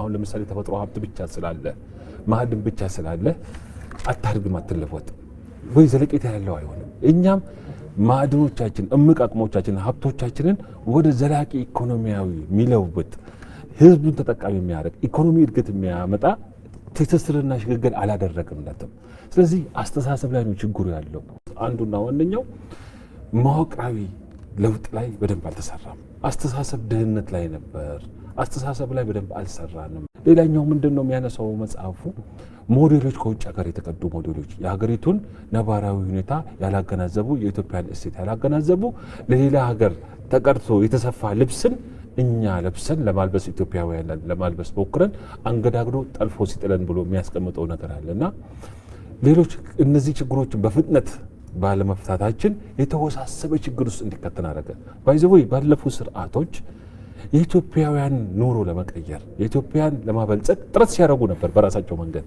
አሁን ለምሳሌ ተፈጥሮ ሀብት ብቻ ስላለ ማዕድን ብቻ ስላለ አታድግም፣ አትለወጥ ወይ ዘለቄታ ያለው አይሆንም። እኛም ማዕድኖቻችን፣ እምቅ አቅሞቻችን፣ ሀብቶቻችንን ወደ ዘላቂ ኢኮኖሚያዊ የሚለውጥ ህዝቡን ተጠቃሚ የሚያደርግ ኢኮኖሚ እድገት የሚያመጣ ትስስርና ሽግግር አላደረግምነትም። ስለዚህ አስተሳሰብ ላይ ነው ችግሩ ያለው። አንዱና ዋነኛው መዋቅራዊ ለውጥ ላይ በደንብ አልተሰራም። አስተሳሰብ ድህነት ላይ ነበር። አስተሳሰብ ላይ በደንብ አልሰራንም። ሌላኛው ምንድን ነው የሚያነሳው መጽሐፉ ሞዴሎች ከውጭ ሀገር የተቀዱ ሞዴሎች የሀገሪቱን ነባራዊ ሁኔታ ያላገናዘቡ የኢትዮጵያን እሴት ያላገናዘቡ ለሌላ ሀገር ተቀድቶ የተሰፋ ልብስን እኛ ለብሰን ለማልበስ ኢትዮጵያውያን ለማልበስ ሞክረን አንገዳግዶ ጠልፎ ሲጥለን ብሎ የሚያስቀምጠው ነገር አለ እና ሌሎች እነዚህ ችግሮችን በፍጥነት ባለመፍታታችን የተወሳሰበ ችግር ውስጥ እንዲከተን አደረገ። ባይዘወይ ባለፉ ስርዓቶች የኢትዮጵያውያን ኑሮ ለመቀየር የኢትዮጵያን ለማበልጸግ ጥረት ሲያደርጉ ነበር። በራሳቸው መንገድ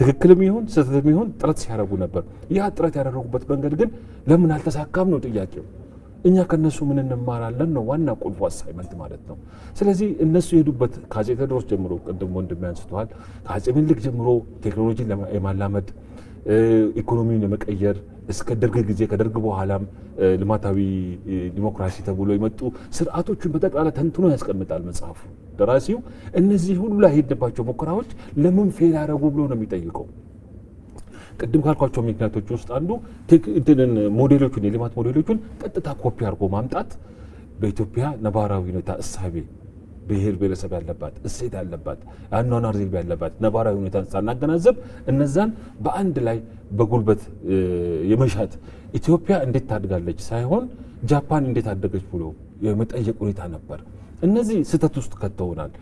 ትክክልም ይሁን ስህተትም ይሁን ጥረት ሲያደርጉ ነበር። ያ ጥረት ያደረጉበት መንገድ ግን ለምን አልተሳካም ነው ጥያቄው። እኛ ከነሱ ምን እንማራለን ነው ዋና ቁልፉ አሳይመንት ማለት ነው። ስለዚህ እነሱ የሄዱበት ከአፄ ቴዎድሮስ ጀምሮ ቅድም ወንድሜ አንስተዋል፣ ከአፄ ምኒልክ ጀምሮ ቴክኖሎጂን የማላመድ ኢኮኖሚውን የመቀየር እስከ ደርግ ጊዜ ከደርግ በኋላም ልማታዊ ዲሞክራሲ ተብሎ የመጡ ስርዓቶቹን በጠቅላላ ተንትኖ ያስቀምጣል መጽሐፉ። ደራሲው እነዚህ ሁሉ ያሄድንባቸው ሙከራዎች ለምን ፌል ያደረጉ ብሎ ነው የሚጠይቀው። ቅድም ካልኳቸው ምክንያቶች ውስጥ አንዱ እንትንን ሞዴሎቹን የልማት ሞዴሎቹን ቀጥታ ኮፒ አድርጎ ማምጣት በኢትዮጵያ ነባራዊ ሁኔታ እሳቤ ብሔር ብሔረሰብ ያለባት እሴት ያለባት አኗኗር ዘይቤ ያለባት ነባራዊ ሁኔታን ሳናገናዘብ እነዛን በአንድ ላይ በጉልበት የመሻት ኢትዮጵያ እንዴት ታድጋለች ሳይሆን ጃፓን እንዴት አደገች ብሎ የመጠየቅ ሁኔታ ነበር። እነዚህ ስህተት ውስጥ ከተውናል።